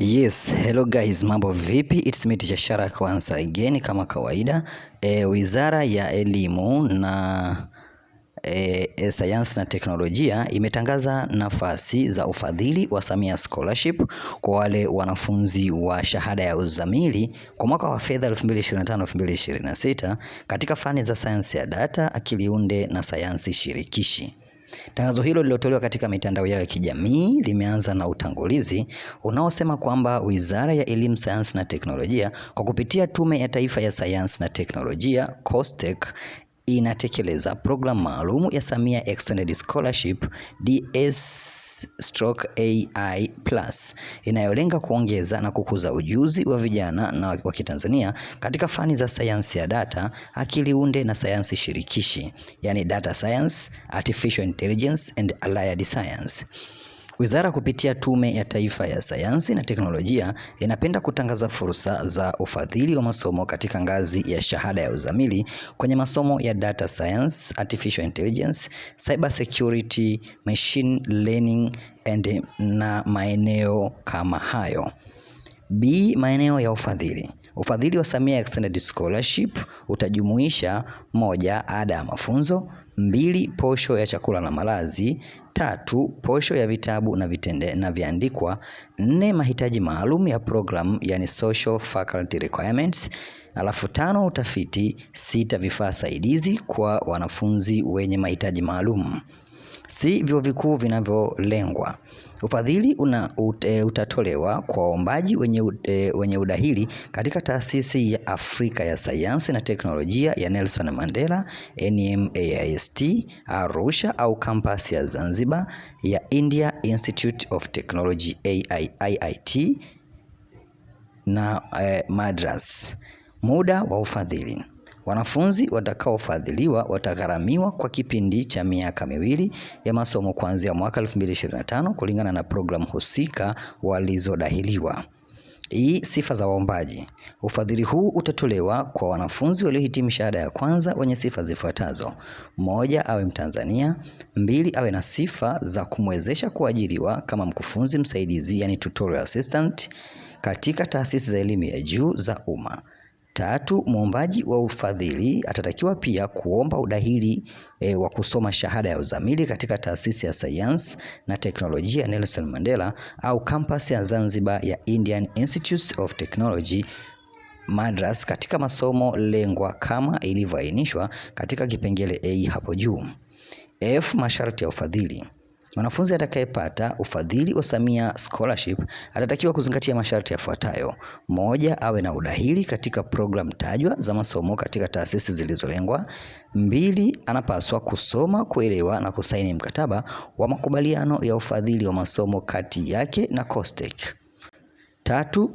Yes, hello guys, mambo vipi? It's me teacher Sharak once again kama kawaida. E, Wizara ya Elimu na E, sayansi na teknolojia imetangaza nafasi za ufadhili wa Samia Scholarship kwa wale wanafunzi wa shahada ya uzamili kwa mwaka wa fedha 2025-2026 katika fani za sayansi ya data, akili unde na sayansi shirikishi. Tangazo hilo lililotolewa katika mitandao yao ya kijamii limeanza na utangulizi unaosema kwamba Wizara ya Elimu, Sayansi na Teknolojia kwa kupitia Tume ya Taifa ya Sayansi na Teknolojia COSTECH inatekeleza programu maalum ya Samia Extended Scholarship DS/AI+ inayolenga kuongeza na kukuza ujuzi wa vijana na wa Kitanzania katika fani za sayansi ya data, akili unde na sayansi shirikishi, yani data science, artificial intelligence and allied science. Wizara kupitia Tume ya Taifa ya Sayansi na Teknolojia inapenda kutangaza fursa za ufadhili wa masomo katika ngazi ya shahada ya uzamili kwenye masomo ya data science, artificial intelligence, cyber security, machine learning and na maeneo kama hayo. B. Maeneo ya ufadhili. Ufadhili wa Samia Extended Scholarship utajumuisha: moja, ada ya mafunzo; mbili, posho ya chakula na malazi; tatu, posho ya vitabu na vitende na viandikwa; nne, mahitaji maalum ya program, yani social faculty requirements; alafu tano, utafiti; sita, vifaa saidizi kwa wanafunzi wenye mahitaji maalum si vyuo vikuu vinavyolengwa. Ufadhili una utatolewa kwa waombaji wenye, e, wenye udahili katika Taasisi ya Afrika ya Sayansi na Teknolojia ya Nelson Mandela NMAIST Arusha au kampasi ya Zanzibar ya India Institute of Technology IIT na e, Madras. Muda wa ufadhili Wanafunzi watakaofadhiliwa watagharamiwa kwa kipindi cha miaka miwili ya masomo kuanzia mwaka 2025 kulingana na programu husika walizodahiliwa. Hii sifa za waombaji. Ufadhili huu utatolewa kwa wanafunzi waliohitimu shahada ya kwanza wenye sifa zifuatazo: moja, awe Mtanzania; mbili, awe na sifa za kumwezesha kuajiriwa kama mkufunzi msaidizi, yani tutorial assistant, katika taasisi za elimu ya juu za umma. Tatu, muombaji wa ufadhili atatakiwa pia kuomba udahili e, wa kusoma shahada ya uzamili katika taasisi ya sayansi na teknolojia Nelson Mandela au kampasi ya Zanzibar ya Indian Institute of Technology Madras katika masomo lengwa kama ilivyoainishwa katika kipengele A hapo juu. F, masharti ya ufadhili. Mwanafunzi atakayepata ufadhili wa Samia Scholarship atatakiwa kuzingatia masharti yafuatayo: moja, awe na udahili katika programu tajwa za masomo katika taasisi zilizolengwa; mbili, anapaswa kusoma, kuelewa na kusaini mkataba wa makubaliano ya ufadhili wa masomo kati yake na COSTECH; tatu,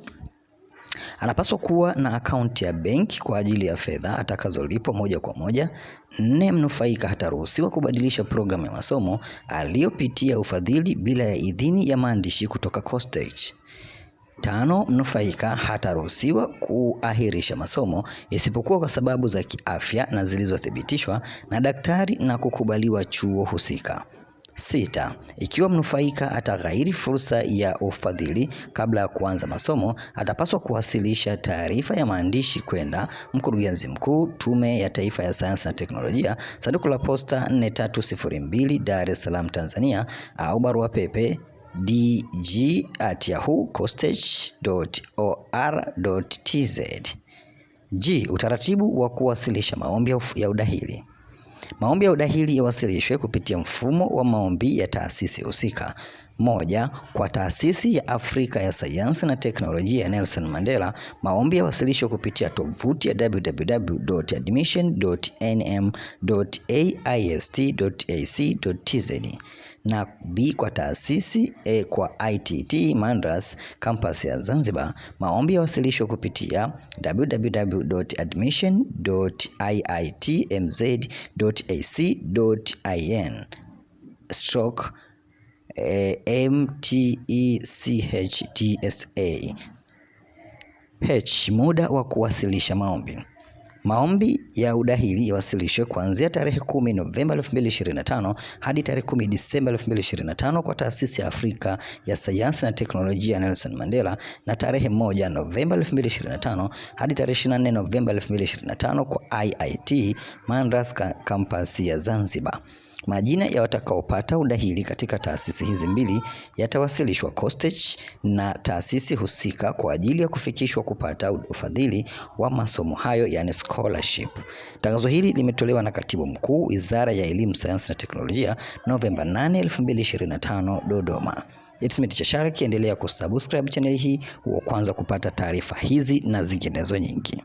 Anapaswa kuwa na akaunti ya benki kwa ajili ya fedha atakazolipwa moja kwa moja. Nne, mnufaika hataruhusiwa kubadilisha programu ya masomo aliyopitia ufadhili bila ya idhini ya maandishi kutoka COSTECH. Tano, mnufaika hataruhusiwa kuahirisha masomo isipokuwa kwa sababu za kiafya na zilizothibitishwa na daktari na kukubaliwa chuo husika. Sita, ikiwa mnufaika ataghairi fursa ya ufadhili kabla ya kuanza masomo, atapaswa kuwasilisha taarifa ya maandishi kwenda Mkurugenzi Mkuu, Tume ya Taifa ya Sayansi na Teknolojia, Sanduku la Posta 4302, Dar es Salaam, Tanzania, au barua pepe dg@yahoo.co.or.tz. G, utaratibu wa kuwasilisha maombi ya udahili. Maombi ya udahili yawasilishwe kupitia mfumo wa maombi ya taasisi husika. Moja, kwa taasisi ya Afrika ya sayansi na teknolojia ya Nelson Mandela, maombi yawasilishwe kupitia tovuti ya www.admission.nm.aist.ac.tz na B kwa taasisi, A kwa ITT Mandras campus ya Zanzibar. Maombi yawasilishwa kupitia www.admission.iitmz.ac.in stroke eh, mtechtsa h. Muda wa kuwasilisha maombi Maombi ya udahili yawasilishwe kuanzia tarehe 10 Novemba 2025 hadi tarehe 10 Disemba 2025 kwa Taasisi ya Afrika ya Sayansi na Teknolojia Nelson Mandela na tarehe 1 Novemba 2025 hadi tarehe 24 Novemba 2025 kwa IIT Mandras kampasi ya Zanzibar. Majina ya watakaopata udahili katika taasisi hizi mbili yatawasilishwa COSTECH na taasisi husika kwa ajili ya kufikishwa kupata ufadhili wa masomo hayo, yani scholarship. Tangazo hili limetolewa na Katibu Mkuu, Wizara ya Elimu, Sayansi na Teknolojia, Novemba 8, 2025, Dodoma. Edsmit kiendelea kusubscribe channel hii wa kwanza kupata taarifa hizi na zinginezo nyingi.